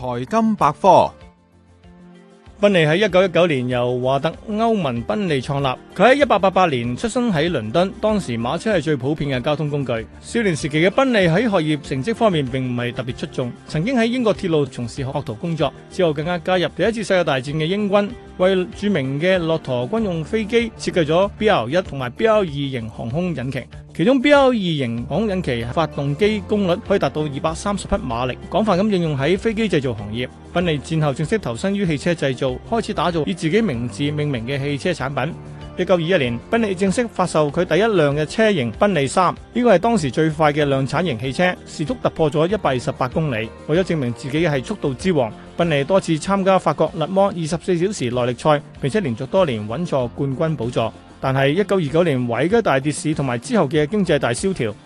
財金百科，賓利喺一九一九年由華特·歐文·賓利創立。佢喺一八八八年出生喺倫敦，當時馬車係最普遍嘅交通工具。少年時期嘅賓利喺學業成績方面並唔係特別出眾，曾經喺英國鐵路從事學徒工作，之後更加加入第一次世界大戰嘅英軍，為著名嘅駱駝軍用飛機設計咗 BR 一，同埋 BR 二型航空引擎。其中 BR 二型航空引擎發動機功率可以達到二百三十匹馬力，廣泛咁應用喺飛機製造行業。賓利戰後正式投身於汽車製造，開始打造以自己名字命名嘅汽車產品。一九二一年，賓利正式發售佢第一輛嘅車型賓利三，呢個係當時最快嘅量產型汽車，時速突破咗一百二十八公里。為咗證明自己係速度之王，賓利多次參加法國勒芒二十四小時耐力賽，並且連續多年穩坐冠軍寶座。但係一九二九年偉嘅大跌市，同埋之後嘅經濟大蕭條。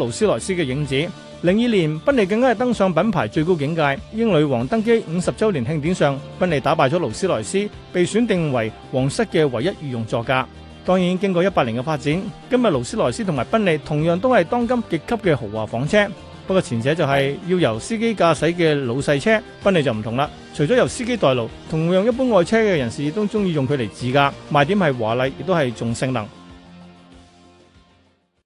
勞斯萊斯嘅影子，零二年賓利更加係登上品牌最高境界。英女王登基五十周年慶典上，賓利打敗咗勞斯萊斯，被選定為皇室嘅唯一御用座駕。當然，經過一百年嘅發展，今日勞斯萊斯同埋賓利同樣都係當今極級嘅豪華房車。不過前者就係要由司機駕駛嘅老細車，賓利就唔同啦。除咗由司機代勞，同樣一般愛車嘅人士都中意用佢嚟自駕。賣點係華麗，亦都係重性能。